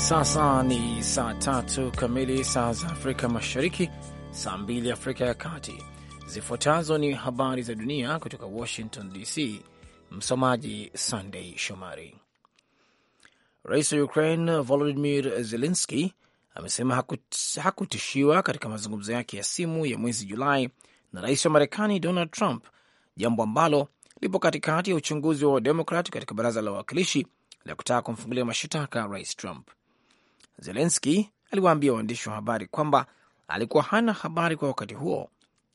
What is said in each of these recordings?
sasa ni saa tatu kamili saa za Afrika Mashariki, saa mbili Afrika ya Kati. Zifuatazo ni habari za dunia kutoka Washington DC. Msomaji Sandei Shomari. Rais wa Ukraine Volodimir Zelenski amesema hakutishiwa katika mazungumzo yake ya simu ya mwezi Julai na rais wa Marekani Donald Trump, jambo ambalo lipo katikati ya uchunguzi wa Wademokrat katika baraza la wawakilishi la kutaka kumfungulia mashitaka rais Trump. Zelenski aliwaambia waandishi wa habari kwamba alikuwa hana habari kwa wakati huo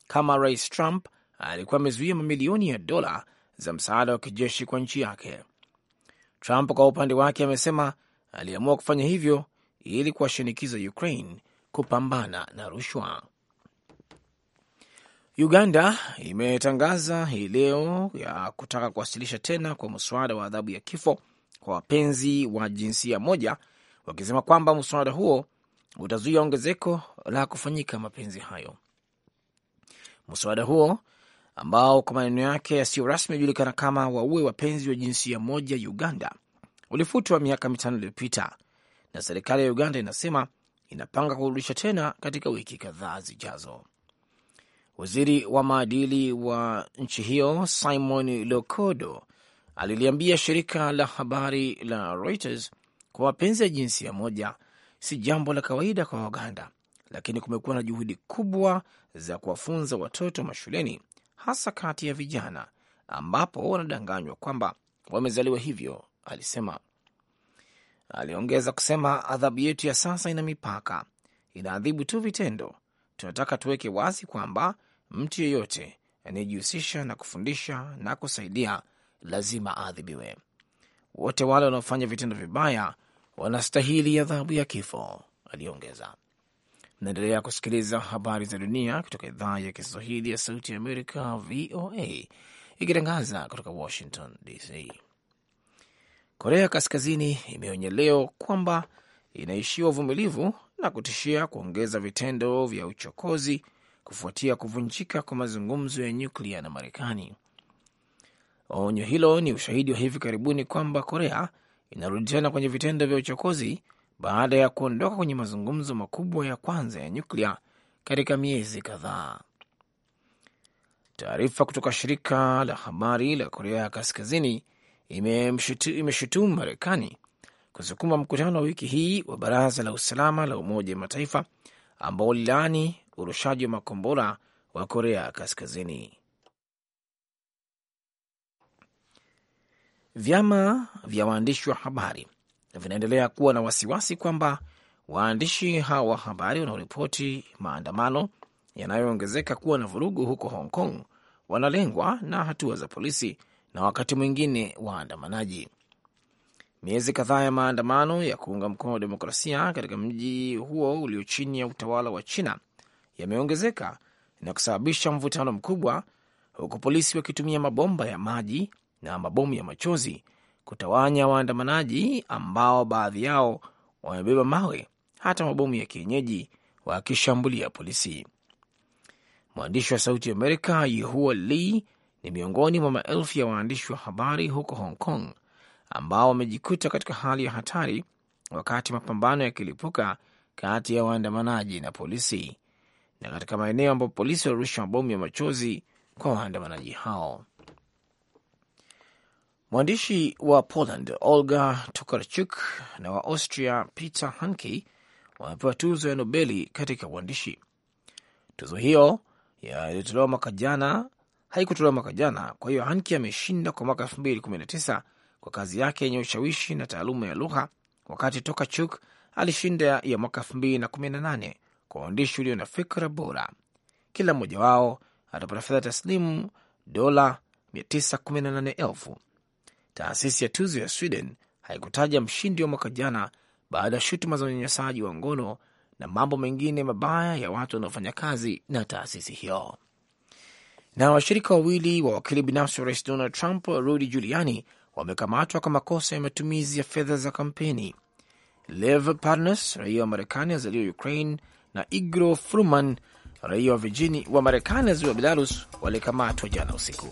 kama Rais Trump alikuwa amezuia mamilioni ya dola za msaada wa kijeshi kwa nchi yake. Trump kwa upande wake amesema aliamua kufanya hivyo ili kuwashinikiza Ukraine kupambana na rushwa. Uganda imetangaza hii leo ya kutaka kuwasilisha tena kwa mswada wa adhabu ya kifo kwa wapenzi wa jinsia moja wakisema kwamba mswada huo utazuia ongezeko la kufanyika mapenzi hayo. Mswada huo ambao kwa maneno yake yasiyo rasmi yajulikana kama waue wapenzi wa jinsia moja Uganda ulifutwa miaka mitano iliyopita na serikali ya Uganda inasema inapanga kurudisha tena katika wiki kadhaa zijazo. Waziri wa maadili wa nchi hiyo Simon Lokodo aliliambia shirika la habari la Reuters kwa mapenzi ya jinsia moja si jambo la kawaida kwa Waganda, lakini kumekuwa na juhudi kubwa za kuwafunza watoto mashuleni, hasa kati ya vijana ambapo wanadanganywa kwamba wamezaliwa hivyo, alisema. Aliongeza kusema adhabu yetu ya sasa ina mipaka, inaadhibu tu vitendo. Tunataka tuweke wazi kwamba mtu yeyote anayejihusisha na kufundisha na kusaidia lazima aadhibiwe. Wote wale wanaofanya vitendo vibaya wanastahili adhabu ya, kifo, aliongeza. Mnaendelea kusikiliza habari za dunia kutoka idhaa ya Kiswahili ya Sauti ya Amerika, VOA, ikitangaza kutoka Washington DC. Korea Kaskazini imeonya leo kwamba inaishiwa uvumilivu na kutishia kuongeza vitendo vya uchokozi kufuatia kuvunjika kwa mazungumzo ya nyuklia na Marekani. Onyo hilo ni ushahidi wa hivi karibuni kwamba Korea inarudi tena kwenye vitendo vya uchokozi baada ya kuondoka kwenye mazungumzo makubwa ya kwanza ya nyuklia katika miezi kadhaa. Taarifa kutoka shirika la habari la Korea ya Kaskazini imeshutumu Marekani kusukuma mkutano wa wiki hii wa Baraza la Usalama la Umoja wa Mataifa ambao ulilaani urushaji wa makombora wa Korea ya Kaskazini. Vyama vya waandishi wa habari vinaendelea kuwa na wasiwasi kwamba waandishi hawa wa habari wanaoripoti maandamano yanayoongezeka kuwa na vurugu huko Hong Kong wanalengwa na hatua za polisi na wakati mwingine waandamanaji. Miezi kadhaa ya maandamano ya kuunga mkono wa demokrasia katika mji huo ulio chini ya utawala wa China yameongezeka na kusababisha mvutano mkubwa, huku polisi wakitumia mabomba ya maji na mabomu ya machozi kutawanya waandamanaji ambao baadhi yao wamebeba mawe hata mabomu ya kienyeji wakishambulia polisi. Mwandishi wa Sauti Amerika Yehua Lee ni miongoni mwa maelfu ya waandishi wa habari huko Hong Kong ambao wamejikuta katika hali ya hatari wakati mapambano yakilipuka kati ya waandamanaji na polisi, na katika maeneo ambapo polisi walirusha mabomu ya machozi kwa waandamanaji hao. Mwandishi wa Poland Olga tokarchuk na wa Austria Peter Hanke wamepewa tuzo ya Nobeli katika uandishi. Tuzo hiyo yaliyotolewa mwaka jana haikutolewa mwaka jana, kwa hiyo Hanke ameshinda kwa mwaka tisa kwa kazi yake yenye ushawishi na taaluma ya lugha, wakati Tokarczuk alishinda ya mwaka nane kwa uandishi ulio na fikra bora. Kila mmoja wao atapata fedha taslimu dola elfu Taasisi ya tuzo ya Sweden haikutaja mshindi wa mwaka jana baada ya shutuma za unyanyasaji wa ngono na mambo mengine mabaya ya watu wanaofanya kazi na taasisi hiyo. Na washirika wawili wa wakili binafsi wa rais Donald Trump, Rudy Giuliani, wamekamatwa kwa makosa ya matumizi ya fedha za kampeni. Lev Parnas, raia wa Marekani azaliwa Ukraine, na igro Fruman, raia wa Marekani azaliwa Belarus, walikamatwa jana usiku.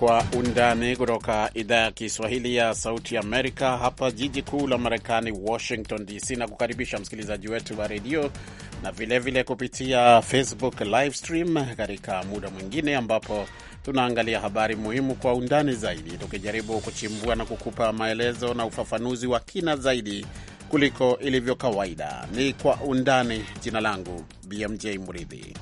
Kwa Undani kutoka idhaa ya Kiswahili ya Sauti Amerika, hapa jiji kuu la Marekani, Washington DC, na kukaribisha msikilizaji wetu wa redio na vilevile vile kupitia Facebook live stream katika muda mwingine ambapo tunaangalia habari muhimu kwa undani zaidi, tukijaribu kuchimbua na kukupa maelezo na ufafanuzi wa kina zaidi kuliko ilivyo kawaida. Ni Kwa Undani. Jina langu BMJ Muridhi.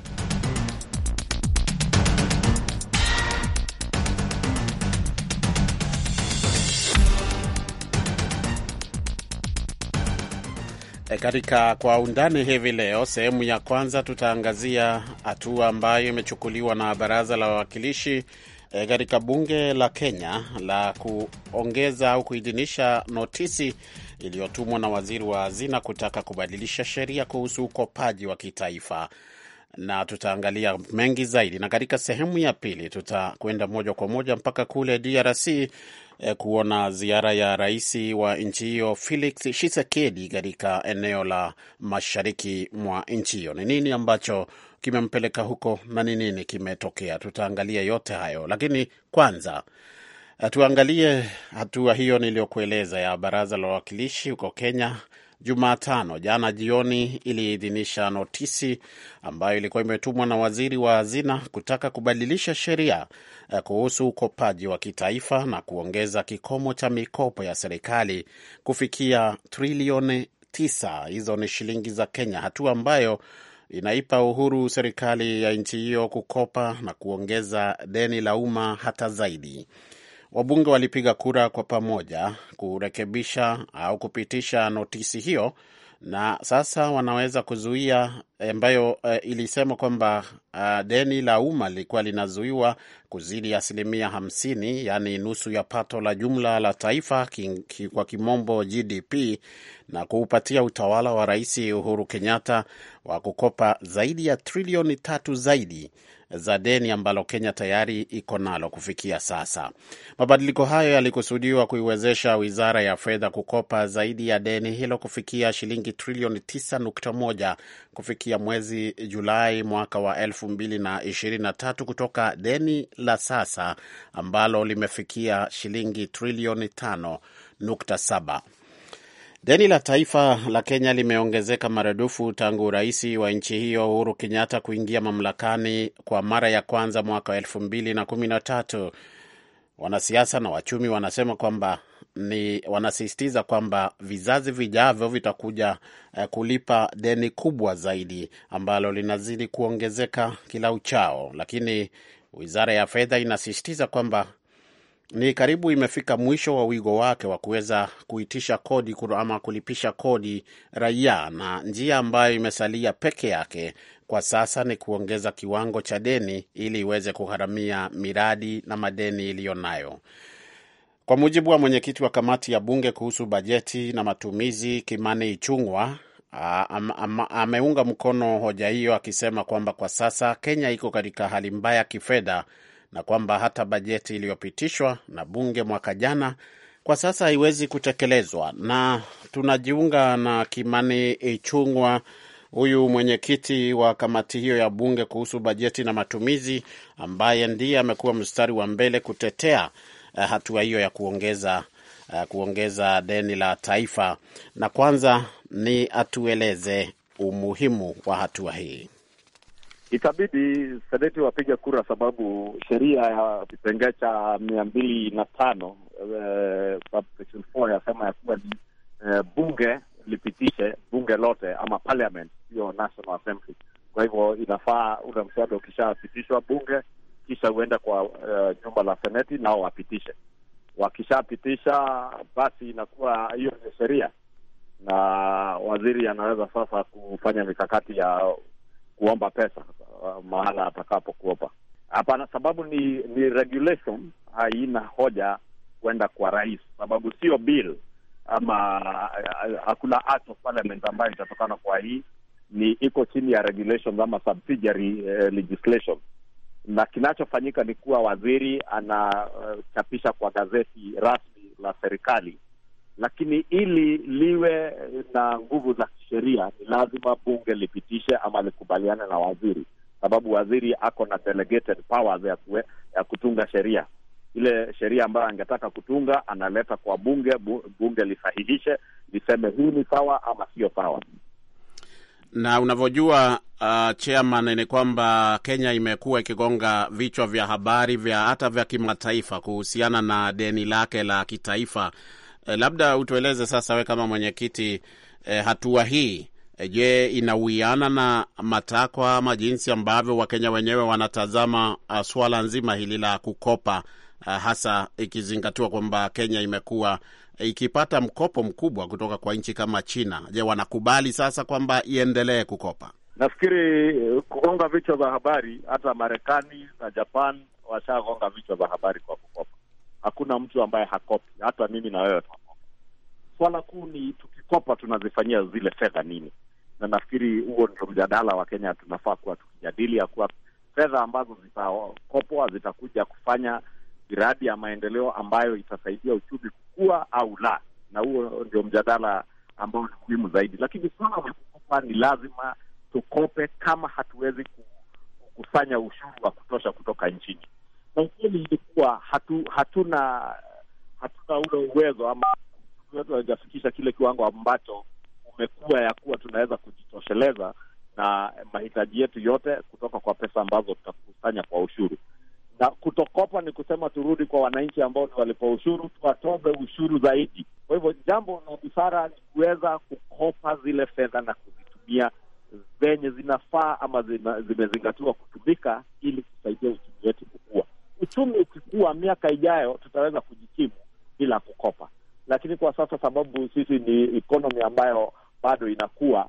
E, katika kwa undani hivi leo, sehemu ya kwanza tutaangazia hatua ambayo imechukuliwa na baraza la wawakilishi e, katika bunge la Kenya la kuongeza au kuidhinisha notisi iliyotumwa na waziri wa hazina kutaka kubadilisha sheria kuhusu ukopaji wa kitaifa na tutaangalia mengi zaidi, na katika sehemu ya pili tutakwenda moja kwa moja mpaka kule DRC Eh, kuona ziara ya rais wa nchi hiyo Felix Tshisekedi katika eneo la mashariki mwa nchi hiyo. Ni nini ambacho kimempeleka huko na ni nini kimetokea? Tutaangalia yote hayo, lakini kwanza eh, tuangalie hatua hiyo niliyokueleza ya baraza la wawakilishi huko Kenya Jumatano jana jioni iliidhinisha notisi ambayo ilikuwa imetumwa na waziri wa hazina kutaka kubadilisha sheria eh, kuhusu ukopaji wa kitaifa na kuongeza kikomo cha mikopo ya serikali kufikia trilioni tisa. Hizo ni shilingi za Kenya, hatua ambayo inaipa uhuru serikali ya nchi hiyo kukopa na kuongeza deni la umma hata zaidi wabunge walipiga kura kwa pamoja kurekebisha au kupitisha notisi hiyo, na sasa wanaweza kuzuia eh, ambayo e, ilisema kwamba ah, deni la umma lilikuwa linazuiwa kuzidi asilimia hamsini, yaani nusu ya pato la jumla la taifa ki, ki, kwa kimombo GDP, na kuupatia utawala wa Rais Uhuru Kenyatta wa kukopa zaidi ya trilioni tatu zaidi za deni ambalo Kenya tayari iko nalo kufikia sasa. Mabadiliko hayo yalikusudiwa kuiwezesha wizara ya fedha kukopa zaidi ya deni hilo kufikia shilingi trilioni 9.1 kufikia mwezi Julai mwaka wa 2023 kutoka deni la sasa ambalo limefikia shilingi trilioni 5.7. Deni la taifa la Kenya limeongezeka maradufu tangu rais wa nchi hiyo Uhuru Kenyatta kuingia mamlakani kwa mara ya kwanza mwaka wa elfu mbili na kumi na tatu. Wanasiasa na wachumi wanasema kwamba ni wanasisitiza kwamba vizazi vijavyo vitakuja eh, kulipa deni kubwa zaidi ambalo linazidi kuongezeka kila uchao, lakini wizara ya fedha inasisitiza kwamba ni karibu imefika mwisho wa wigo wake wa kuweza kuitisha kodi ama kulipisha kodi raia, na njia ambayo imesalia peke yake kwa sasa ni kuongeza kiwango cha deni ili iweze kugharamia miradi na madeni iliyo nayo. Kwa mujibu wa mwenyekiti wa kamati ya bunge kuhusu bajeti na matumizi, Kimani Ichung'wa ameunga mkono hoja hiyo akisema kwamba kwa sasa Kenya iko katika hali mbaya kifedha na kwamba hata bajeti iliyopitishwa na bunge mwaka jana kwa sasa haiwezi kutekelezwa. Na tunajiunga na Kimani Ichung'wa, huyu mwenyekiti wa kamati hiyo ya bunge kuhusu bajeti na matumizi, ambaye ndiye amekuwa mstari wa mbele kutetea eh, hatua hiyo ya kuongeza eh, kuongeza deni la taifa, na kwanza ni atueleze umuhimu wa hatua hii itabidi seneti wapiga kura, sababu sheria ya kipengee cha mia mbili na tano eh, yasema ya kuwa ni eh, bunge lipitishe bunge lote ama parliament, hiyo National Assembly. Kwa hivyo inafaa ule mswada ukishapitishwa bunge, kisha huenda kwa eh, jumba uh, la seneti nao wapitishe. Wakishapitisha basi inakuwa hiyo ni sheria, na waziri anaweza sasa kufanya mikakati ya kuomba pesa uh, mahala atakapokuopa. Hapana, sababu ni ni regulation, haina hoja kwenda kwa rais, sababu sio bill ama uh, hakuna act of parliament ambayo itatokana kwa hii, ni iko chini ya regulation ama subsidiary uh, legislation na kinachofanyika ni kuwa waziri anachapisha uh, kwa gazeti rasmi la serikali, lakini ili liwe na nguvu za sheria ni lazima bunge lipitishe ama likubaliane na waziri, sababu waziri ako na delegated powers ya, kue, ya kutunga sheria. Ile sheria ambayo angetaka kutunga analeta kwa bunge bunge lisahihishe liseme hii ni sawa ama sio sawa. Na unavyojua uh, chairman, ni kwamba Kenya imekuwa ikigonga vichwa vya habari vya hata vya kimataifa kuhusiana na deni lake la kitaifa. Eh, labda utueleze sasa, we kama mwenyekiti e, hatua hii e, je, inawiana na matakwa ama jinsi ambavyo Wakenya wenyewe wanatazama ah, suala nzima hili la kukopa ah, hasa ikizingatiwa kwamba Kenya imekuwa ikipata mkopo mkubwa kutoka kwa nchi kama China. Je, wanakubali sasa kwamba iendelee kukopa? Nafikiri eh, kugonga vichwa vya habari, hata Marekani na Japan washagonga vichwa vya habari kwa kukopa. Hakuna mtu ambaye hakopi, hata mimi na wewe tunakopa. Swala kuu ni tunazikopa tunazifanyia zile fedha nini? Na nafikiri huo ndio mjadala wa Kenya tunafaa kuwa tukijadili, ya kuwa fedha ambazo zitakopwa zitakuja kufanya miradi ya maendeleo ambayo itasaidia uchumi kukua au la, na huo ndio mjadala ambao ni muhimu zaidi. Lakini suala la kukopa ni lazima tukope kama hatuwezi kufanya ushuru wa kutosha kutoka nchini, na ukweli ilikuwa hatu, hatuna hatuna ule uwezo ama wetu hawajafikisha kile kiwango ambacho umekuwa ya kuwa tunaweza kujitosheleza na mahitaji yetu yote kutoka kwa pesa ambazo tutakusanya kwa ushuru. Na kutokopa ni kusema turudi kwa wananchi ambao ni walipo ushuru, tuwatoze ushuru zaidi. Kwa hivyo jambo la busara ni kuweza kukopa zile fedha na kuzitumia zenye zinafaa ama zina, zimezingatiwa kutumika ili kusaidia uchumi wetu kukua. Uchumi ukikua miaka ijayo, tutaweza kujikimu bila kukopa lakini kwa sasa sababu sisi ni economy ambayo bado inakuwa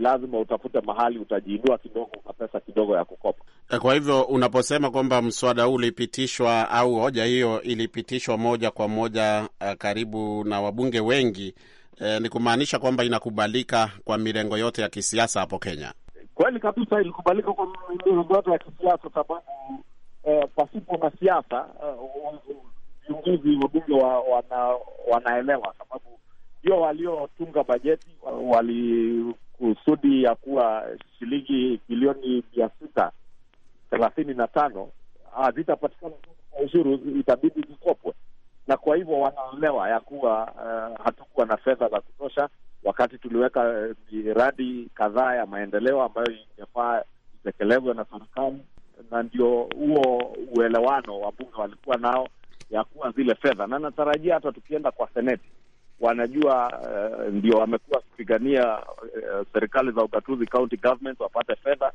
lazima utafute mahali utajiindua kidogo na pesa kidogo ya kukopa. Eh, kwa hivyo unaposema kwamba mswada huu ulipitishwa au hoja hiyo ilipitishwa moja kwa moja uh, karibu na wabunge wengi eh, ni kumaanisha kwamba inakubalika kwa mirengo yote ya kisiasa hapo Kenya? Kweli kabisa, ilikubalika kwa mirengo yote ya kisiasa sababu eh, pasipo na siasa eh, viongozi wabunge wa, wana, wanaelewa sababu ndio waliotunga bajeti walikusudi ya kuwa shilingi bilioni mia sita thelathini na tano hazitapatikana kwa ushuru, itabidi zikopwe, na kwa hivyo wanaolewa ya kuwa uh, hatukuwa na fedha za kutosha wakati tuliweka eh, miradi kadhaa ya maendeleo ambayo ingefaa itekelezwe na serikali, na ndio huo uelewano wabunge walikuwa nao ya kuwa zile fedha, na natarajia hata tukienda kwa seneti wanajua uh, ndio wamekuwa wakipigania uh, serikali za ugatuzi county government wapate fedha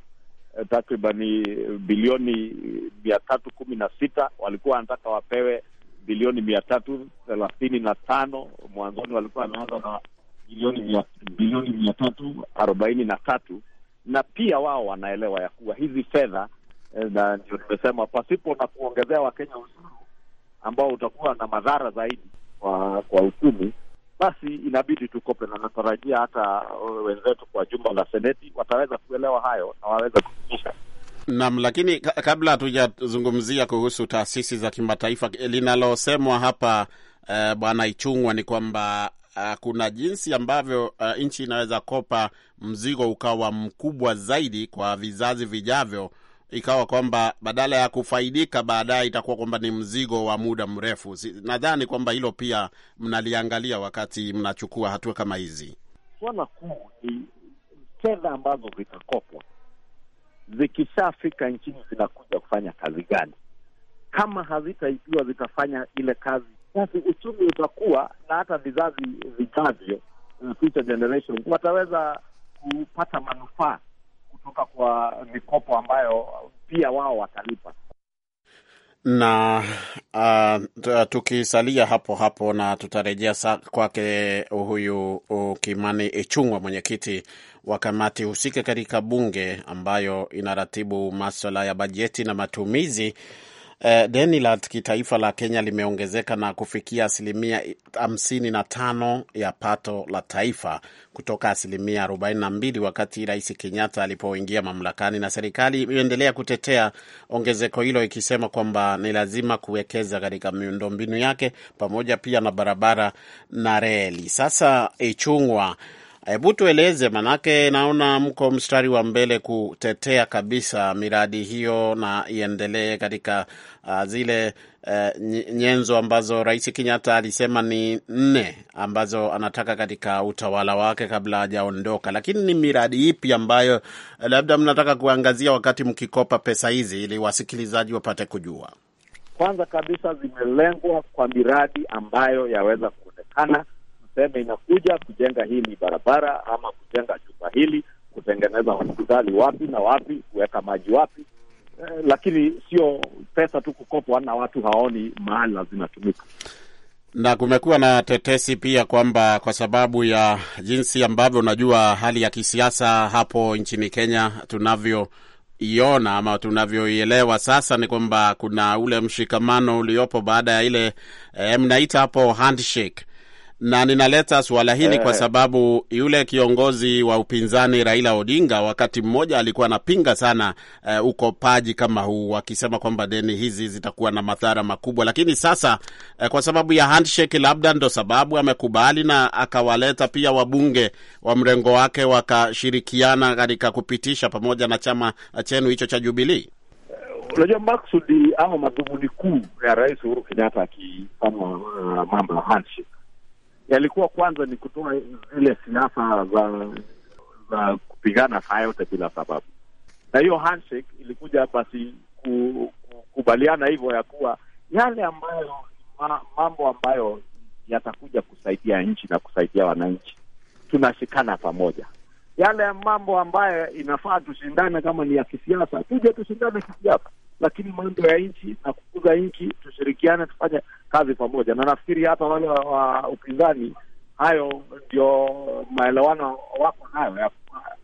uh, takribani bilioni mia tatu kumi na sita walikuwa wanataka wapewe bilioni mia tatu thelathini na tano mwanzoni walikuwa wameanza na bilioni mia tatu arobaini na tatu na pia wao wanaelewa ya kuwa hizi fedha, na ndio nimesema, pasipo na kuongezea Wakenya ushuru ambao utakuwa na madhara zaidi kwa kwa uchumi, basi inabidi tukope, na natarajia hata uh, wenzetu kwa jumba la Seneti wataweza kuelewa hayo na waweza kufikisha Naam, lakini kabla hatujazungumzia kuhusu taasisi za kimataifa, linalosemwa hapa uh, Bwana Ichungwa ni kwamba uh, kuna jinsi ambavyo uh, nchi inaweza kopa mzigo ukawa mkubwa zaidi kwa vizazi vijavyo ikawa kwamba badala ya kufaidika baadaye itakuwa kwamba ni mzigo wa muda mrefu. Nadhani kwamba hilo pia mnaliangalia wakati mnachukua hatua kama hizi. Swala kuu ni fedha ambazo zitakopwa zikishafika nchini zinakuja kufanya kazi gani? Kama hazitaibiwa zitafanya ile kazi, basi uchumi utakuwa na hata vizazi vijavyo, uh, future generation wataweza kupata manufaa kutoka kwa mikopo ambayo pia wao watalipa na uh, tukisalia hapo hapo na tutarejea kwake huyu uh, Kimani Ichung'wa, mwenyekiti wa kamati husika katika bunge ambayo inaratibu maswala ya bajeti na matumizi Eh, deni la kitaifa la Kenya limeongezeka na kufikia asilimia 55 ya pato la taifa kutoka asilimia 42 wakati Rais Kenyatta alipoingia mamlakani, na serikali imeendelea kutetea ongezeko hilo ikisema kwamba ni lazima kuwekeza katika miundombinu yake pamoja pia na barabara na reli. Sasa Ichungwa e Hebu tueleze, manake naona mko mstari wa mbele kutetea kabisa miradi hiyo na iendelee katika uh, zile uh, nyenzo ambazo Rais Kenyatta alisema ni nne ambazo anataka katika utawala wake kabla hajaondoka. Lakini ni miradi ipi ambayo uh, labda mnataka kuangazia wakati mkikopa pesa hizi, ili wasikilizaji wapate kujua? Kwanza kabisa zimelengwa kwa miradi ambayo yaweza kuonekana tuseme inakuja kujenga hili barabara ama kujenga jumba hili, kutengeneza hospitali wapi na wapi, kuweka maji wapi, eh, lakini sio pesa tu kukopwa na watu haoni mahala zinatumika na kumekuwa na tetesi pia kwamba kwa sababu ya jinsi ambavyo unajua hali ya kisiasa hapo nchini Kenya tunavyoiona ama tunavyoielewa sasa, ni kwamba kuna ule mshikamano uliopo baada ya ile eh, mnaita hapo handshake na ninaleta suala hili kwa eh. sababu yule kiongozi wa upinzani Raila Odinga wakati mmoja alikuwa anapinga sana uh, ukopaji kama huu, akisema kwamba deni hizi zitakuwa na madhara makubwa, lakini sasa uh, kwa sababu ya handshake, labda ndo sababu amekubali na akawaleta pia wabunge wa mrengo wake wakashirikiana katika kupitisha pamoja na chama chenu hicho cha Jubilii. Unajua, maksudi ama madhumuni kuu ya Rais Uhuru Kenyatta akifanya mambo ya handshake yalikuwa kwanza ni kutoa zile siasa za za kupigana saa yote bila sababu, na hiyo handshake ilikuja basi kukubaliana hivyo ya kuwa yale ambayo ma, mambo ambayo yatakuja kusaidia nchi na kusaidia wananchi tunashikana pamoja. Yale mambo ambayo inafaa tushindane, kama ni ya kisiasa, tuje tushindane kisiasa lakini mambo ya nchi na kukuza nchi, tushirikiane, tufanye kazi pamoja, na nafikiri hata wale wa upinzani, hayo ndio maelewano wako nayo ya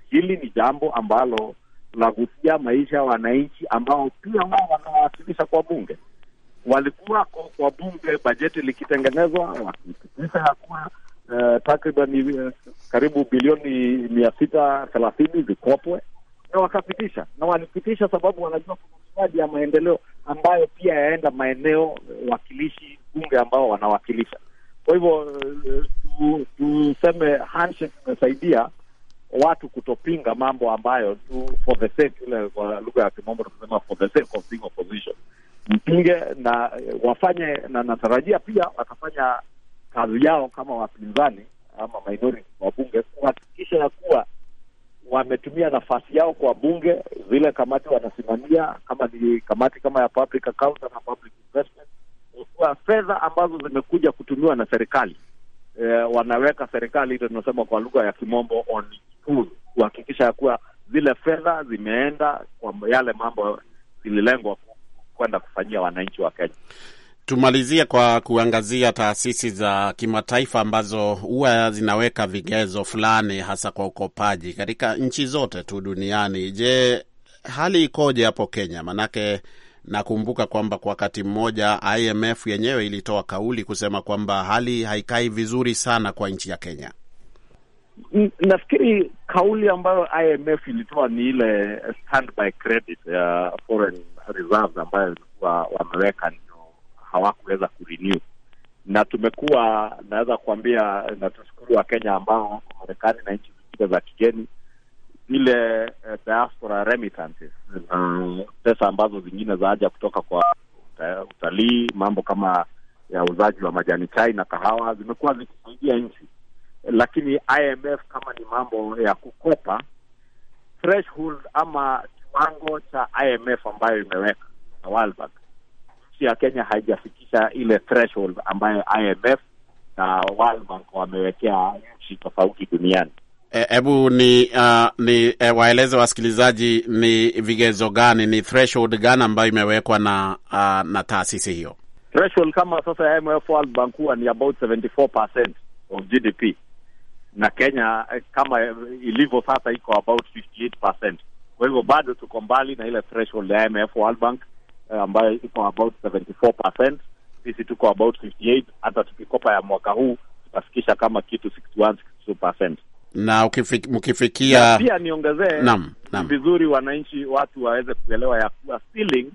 hili ni jambo ambalo nagusia maisha ya wananchi ambao pia wao wanawasilisha kwa bunge. Walikuwako kwa bunge bajeti likitengenezwa wakipitisha ya kuwa eh, takriban eh, karibu bilioni mia sita thelathini zikopwe, na wakapitisha na walipitisha sababu wanajua kuna mahitaji ya maendeleo ambayo pia yaenda maeneo wakilishi bunge ambao wanawakilisha. Kwa hivyo eh, tuseme handshake imesaidia watu kutopinga mambo ambayo tu for the sake, ile kwa lugha ya kimombo tunasema for the sake of being opposition, mpinge na eh, wafanye, na natarajia pia watafanya kazi yao kama wapinzani ama minority wabunge kuhakikisha ya kuwa wametumia nafasi yao kwa bunge, zile kamati wanasimamia, kama ni kamati kama ya Public na Public Investment, kwa fedha ambazo zimekuja kutumiwa na serikali e, wanaweka serikali ile tunasema kwa lugha ya kimombo on kuhakikisha ya kuwa zile fedha zimeenda kwa yale mambo zililengwa kwenda kufanyia wananchi wa Kenya. Tumalizie kwa kuangazia taasisi za kimataifa ambazo huwa zinaweka vigezo fulani hasa kwa ukopaji katika nchi zote tu duniani. Je, hali ikoje hapo Kenya? Manake nakumbuka kwamba kwa wakati mmoja IMF yenyewe ilitoa kauli kusema kwamba hali haikai vizuri sana kwa nchi ya Kenya. Nafikiri kauli ambayo IMF ilitoa ni ile standby credit ya foreign reserves ambayo ilikuwa wameweka hawakuweza kurenew, na tumekuwa naweza kuambia, na tushukuru Wakenya ambao wako Marekani na nchi zingine za kigeni, zile uh, eh, diaspora remittances uh, pesa ambazo zingine zaaja kutoka kwa utalii, mambo kama ya uzaji wa majani chai na kahawa zimekuwa zikisaidia nchi, lakini IMF kama ni mambo ya kukopa threshold ama kiwango cha IMF ambayo imeweka na World Bank nchi ya Kenya haijafikisha ile threshold ambayo IMF na World Bank wamewekea nchi tofauti duniani. Hebu e, ni uh, ni e, waeleze wasikilizaji ni vigezo gani, ni threshold gani ambayo imewekwa na uh, na taasisi hiyo? Threshold kama sasa IMF World Bank huwa ni about 74% of GDP na Kenya eh, kama ilivyo sasa iko about 58%. Kwa hivyo bado tuko mbali na ile threshold ya IMF World Bank eh, ambayo iko about 74%. Sisi tuko about 58. Hata tukikopa ya mwaka huu tutafikisha kama kitu 61 62% na ukifik, mkifikia pia niongezee, naam, naam, vizuri wananchi watu waweze kuelewa ya kuwa ceiling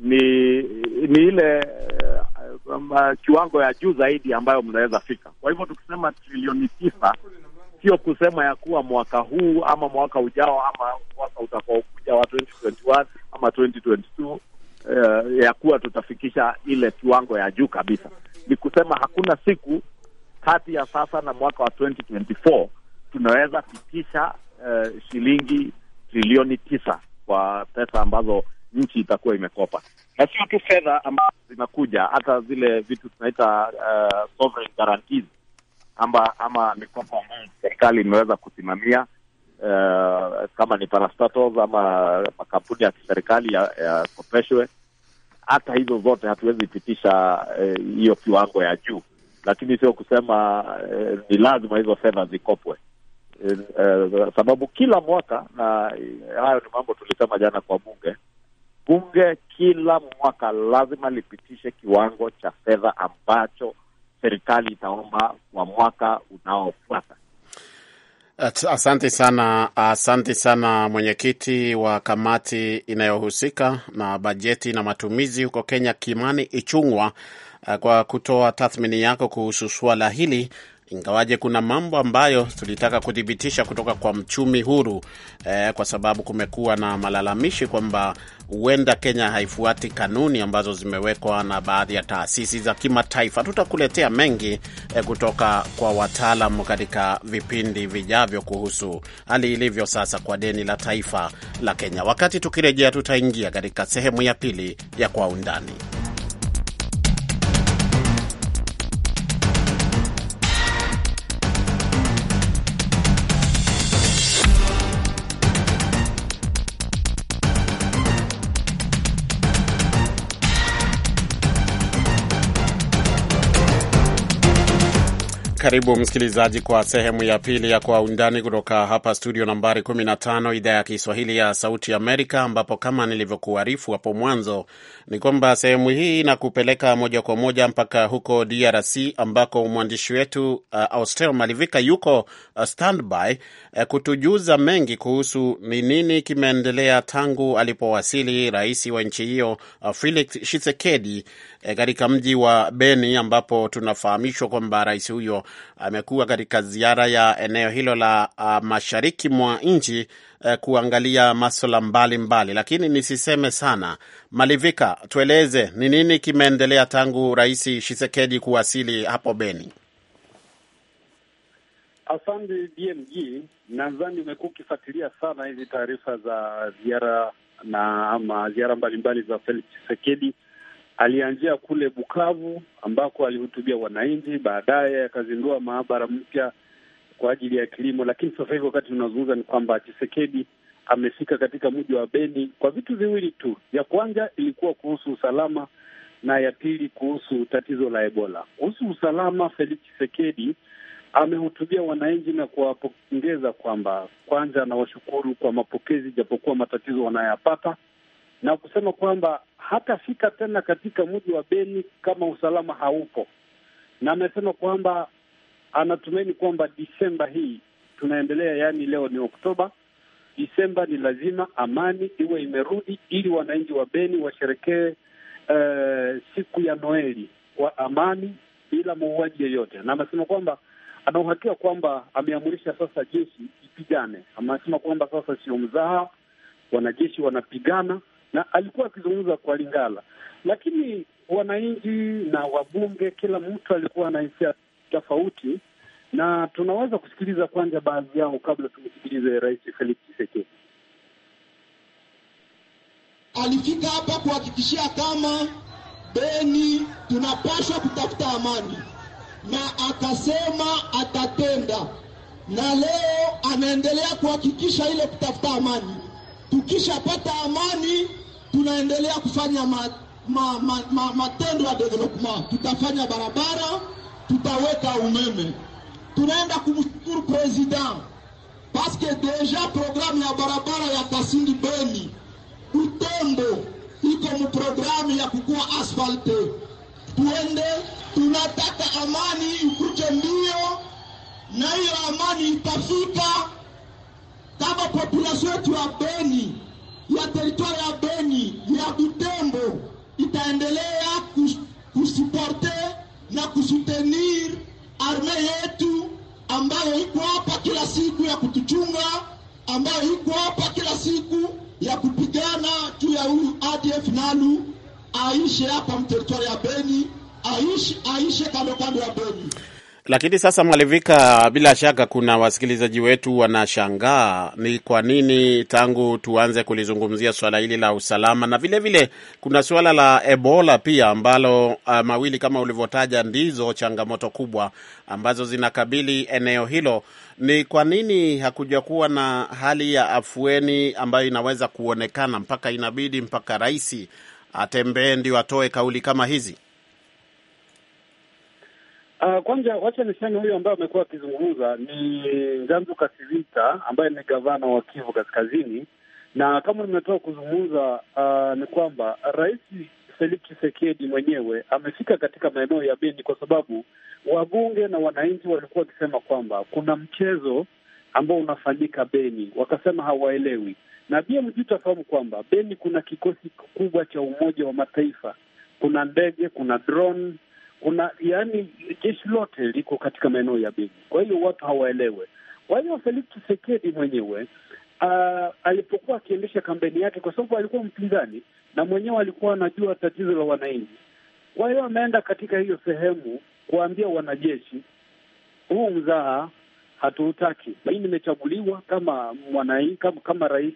ni ni ile eh, um, uh, kiwango ya juu zaidi ambayo mnaweza fika. Kwa hivyo tukisema trilioni tisa sio kusema ya kuwa mwaka huu ama mwaka ujao ama mwaka utakaokuja wa 2021 ama 2022 Uh, eh, ya kuwa tutafikisha ile kiwango ya juu kabisa. Ni kusema hakuna siku kati ya sasa na mwaka wa 2024 tunaweza fikisha uh, shilingi trilioni tisa kwa pesa ambazo nchi itakuwa imekopa, na sio tu fedha ambazo zinakuja, hata zile vitu tunaita uh, sovereign guarantees ama ama mikopo ambayo serikali imeweza kusimamia uh, kama ni parastatals ama makampuni ya kiserikali yakopeshwe. Hata hizo zote hatuwezi pitisha uh, hiyo uh, kiwango ya juu, lakini sio kusema uh, ni lazima hizo fedha zikopwe. Uh, uh, sababu kila mwaka na uh, hayo ni mambo tulisema jana kwa bunge. Bunge kila mwaka lazima lipitishe kiwango cha fedha ambacho serikali itaomba kwa mwaka unaofuata. Asante sana, asante sana mwenyekiti wa kamati inayohusika na bajeti na matumizi huko Kenya, Kimani Ichung'wa, eh, kwa kutoa tathmini yako kuhusu suala hili ingawaje kuna mambo ambayo tulitaka kuthibitisha kutoka kwa mchumi huru eh, kwa sababu kumekuwa na malalamishi kwamba huenda Kenya haifuati kanuni ambazo zimewekwa na baadhi ya taasisi za kimataifa. Tutakuletea mengi eh, kutoka kwa wataalam katika vipindi vijavyo kuhusu hali ilivyo sasa kwa deni la taifa la Kenya. Wakati tukirejea, tutaingia katika sehemu ya pili ya Kwa Undani. Karibu msikilizaji kwa sehemu ya pili ya Kwa Undani kutoka hapa studio nambari 15 idhaa ya Kiswahili ya Sauti Amerika, ambapo kama nilivyokuarifu hapo mwanzo ni kwamba sehemu hii inakupeleka moja kwa moja mpaka huko DRC ambako mwandishi wetu uh, Austel Malivika yuko uh, standby uh, kutujuza mengi kuhusu ni nini kimeendelea tangu alipowasili rais wa nchi hiyo uh, Felix Tshisekedi uh, katika mji wa Beni ambapo tunafahamishwa kwamba rais huyo amekuwa katika ziara ya eneo hilo la uh, mashariki mwa nchi uh, kuangalia maswala mbalimbali, lakini nisiseme sana. Malivika, tueleze ni nini kimeendelea tangu Rais Tshisekedi kuwasili hapo Beni? Asante BMG, nadhani umekuwa ukifuatilia sana hizi taarifa za ziara na ama ziara mbalimbali za Felix Tshisekedi Alianzia kule Bukavu ambako alihutubia wananchi, baadaye akazindua maabara mpya kwa ajili ya kilimo. Lakini sasa hivi wakati tunazungumza ni kwamba Chisekedi amefika katika mji wa Beni kwa vitu viwili tu. Ya kwanza ilikuwa kuhusu usalama na ya pili kuhusu tatizo la Ebola. Kuhusu usalama, Felix Chisekedi amehutubia wananchi na kuwapongeza kwamba kwanza anawashukuru kwa mapokezi, japokuwa matatizo wanayoyapata na kusema kwamba hatafika tena katika mji wa Beni kama usalama haupo, na amesema kwamba anatumaini kwamba Disemba hii tunaendelea, yaani leo ni Oktoba, Disemba ni lazima amani iwe imerudi ili wananchi wa Beni washerekee uh, siku ya Noeli kwa amani bila mauaji yeyote, na amesema kwamba ana uhakika kwamba ameamurisha sasa jeshi ipigane. Amesema kwamba sasa sio mzaha, wanajeshi wanapigana na alikuwa akizungumza kwa Lingala, lakini wananchi na wabunge, kila mtu alikuwa na hisia tofauti, na tunaweza kusikiliza kwanza baadhi yao kabla tumsikilize Rais Felix Tshisekedi. Alifika hapa kuhakikishia kama Beni tunapaswa kutafuta amani, na akasema atatenda, na leo anaendelea kuhakikisha ile kutafuta amani Tukishapata amani, tunaendelea kufanya matendo ma, ma, ma, ma ya development. Tutafanya barabara, tutaweka umeme. Tunaenda kumshukuru president paske deja programu ya barabara ya Kasindi Beni Butembo iko mu programu ya kukua asfalte. Tuende, tunataka amani ikuje mbio, na hiyo amani itafika kama population yetu ya Beni ya teritoria ya Beni ya Butembo itaendelea kusuporte na kusutenir arme yetu ambayo iko hapa kila siku ya kutuchunga, ambayo iko hapa kila siku ya kupigana juu ya huyu ADF Nalu, aishe hapa mteritoria ya Beni, aishe, aishe kando kando ya Beni. Lakini sasa, Malivika, bila shaka kuna wasikilizaji wetu wanashangaa ni kwa nini tangu tuanze kulizungumzia swala hili la usalama, na vilevile vile kuna suala la Ebola pia ambalo uh, mawili kama ulivyotaja ndizo changamoto kubwa ambazo zinakabili eneo hilo. Ni kwa nini hakuja kuwa na hali ya afueni ambayo inaweza kuonekana mpaka inabidi mpaka rais atembee ndio atoe kauli kama hizi? Uh, kwanza wacha niseme huyu ambaye amekuwa akizungumza ni Nzanzu Kasivita ambaye ni gavana wa Kivu Kaskazini, na kama nimetoka kuzungumza uh, ni kwamba Rais Felix Tshisekedi mwenyewe amefika katika maeneo ya Beni kwa sababu wabunge na wananchi walikuwa wakisema kwamba kuna mchezo ambao unafanyika Beni, wakasema hawaelewi, na pia mjuta afahamu kwamba Beni kuna kikosi kikubwa cha Umoja wa Mataifa, kuna ndege, kuna drone kuna yani jeshi lote liko katika maeneo ya Beni, kwa hiyo watu hawaelewe. Kwa hiyo Felix Tshisekedi mwenyewe uh, alipokuwa akiendesha kampeni yake, kwa sababu alikuwa mpinzani na mwenyewe alikuwa anajua tatizo la wananchi, kwa hiyo ameenda katika hiyo sehemu kuwaambia wanajeshi, huu mzaha hatuutaki, mimi nimechaguliwa kama mwanai, kama, kama rais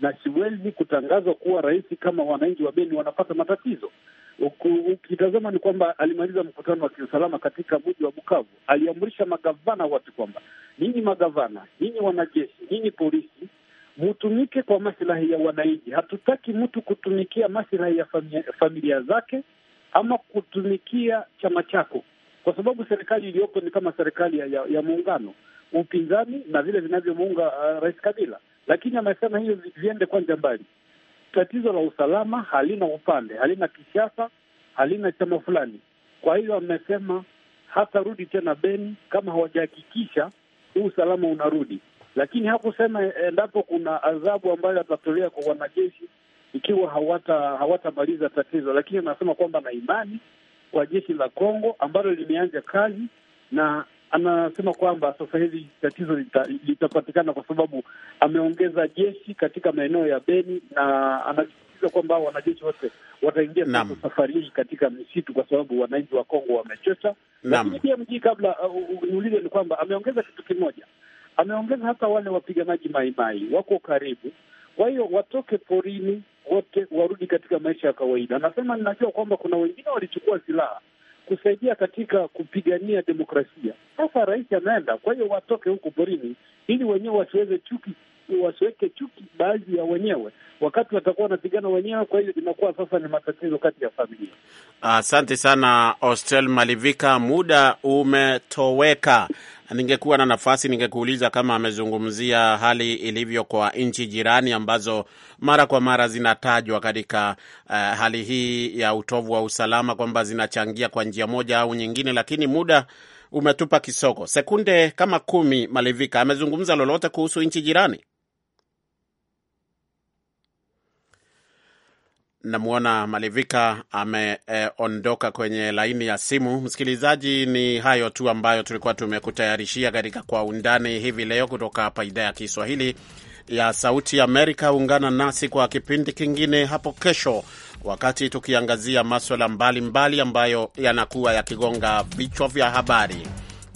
na siwezi kutangazwa kuwa rais kama wananchi wa Beni wanapata matatizo ukitazama ni kwamba alimaliza mkutano wa kiusalama katika mji wa Bukavu. Aliamrisha magavana wote kwamba ninyi magavana, ninyi wanajeshi, ninyi polisi, mutumike kwa masilahi ya wananchi. Hatutaki mtu kutumikia masilahi ya familia, familia zake ama kutumikia chama chako, kwa sababu serikali iliyopo ni kama serikali ya, ya, ya muungano, upinzani na vile vinavyomuunga uh, Rais Kabila. Lakini amesema hiyo viende kwanja mbali tatizo la usalama halina upande, halina kisiasa, halina chama fulani. Kwa hiyo amesema hatarudi tena Beni kama hawajahakikisha huu usalama unarudi, lakini hakusema endapo kuna adhabu ambayo atatolea kwa wanajeshi ikiwa hawata hawatamaliza tatizo, lakini anasema kwamba na imani kwa jeshi la Kongo ambalo limeanza kazi na anasema kwamba sasa hivi tatizo litapatikana kwa sababu ameongeza jeshi katika maeneo ya Beni na anasisitiza kwamba wanajeshi wote wataingia sasa safari hii katika misitu kwa sababu wananchi wa Kongo wamechosha Lakini pia mjii, kabla niulize, uh, ni kwamba ameongeza kitu kimoja, ameongeza hata wale wapiganaji maimai wako karibu, kwa hiyo watoke porini wote warudi katika maisha ya kawaida. Anasema ninajua kwamba kuna wengine walichukua silaha kusaidia katika kupigania demokrasia. Sasa rais anaenda, kwa hiyo watoke huku porini ili wenyewe wasiweze chuki wasiweke chuki baadhi ya wenyewe, wakati watakuwa wanapigana wenyewe. Kwa hiyo inakuwa sasa ni matatizo kati ya familia. Asante sana Ostel Malivika, muda umetoweka ningekuwa na nafasi ningekuuliza kama amezungumzia hali ilivyo kwa nchi jirani ambazo mara kwa mara zinatajwa katika uh, hali hii ya utovu wa usalama kwamba zinachangia kwa njia moja au nyingine, lakini muda umetupa kisogo. Sekunde kama kumi, Malivika amezungumza lolote kuhusu nchi jirani? Namwona Malivika ameondoka e, kwenye laini ya simu. Msikilizaji, ni hayo tu ambayo tulikuwa tumekutayarishia katika Kwa Undani hivi leo kutoka hapa idhaa ya Kiswahili ya Sauti Amerika. Ungana nasi kwa kipindi kingine hapo kesho, wakati tukiangazia maswala mbalimbali ambayo yanakuwa yakigonga vichwa vya habari.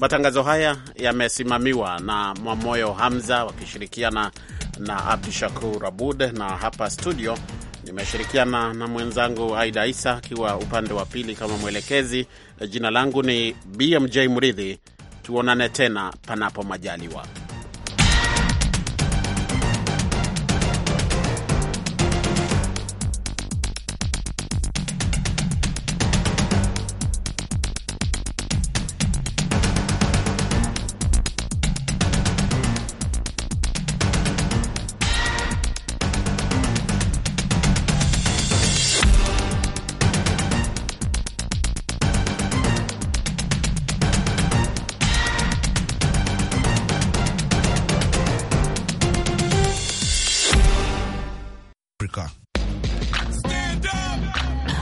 Matangazo haya yamesimamiwa na Mwamoyo Hamza wakishirikiana na Abdu Shakur Abud, na hapa studio Nimeshirikiana na mwenzangu Aida Isa akiwa upande wa pili kama mwelekezi. Jina langu ni BMJ Mridhi. Tuonane tena panapo majaliwa.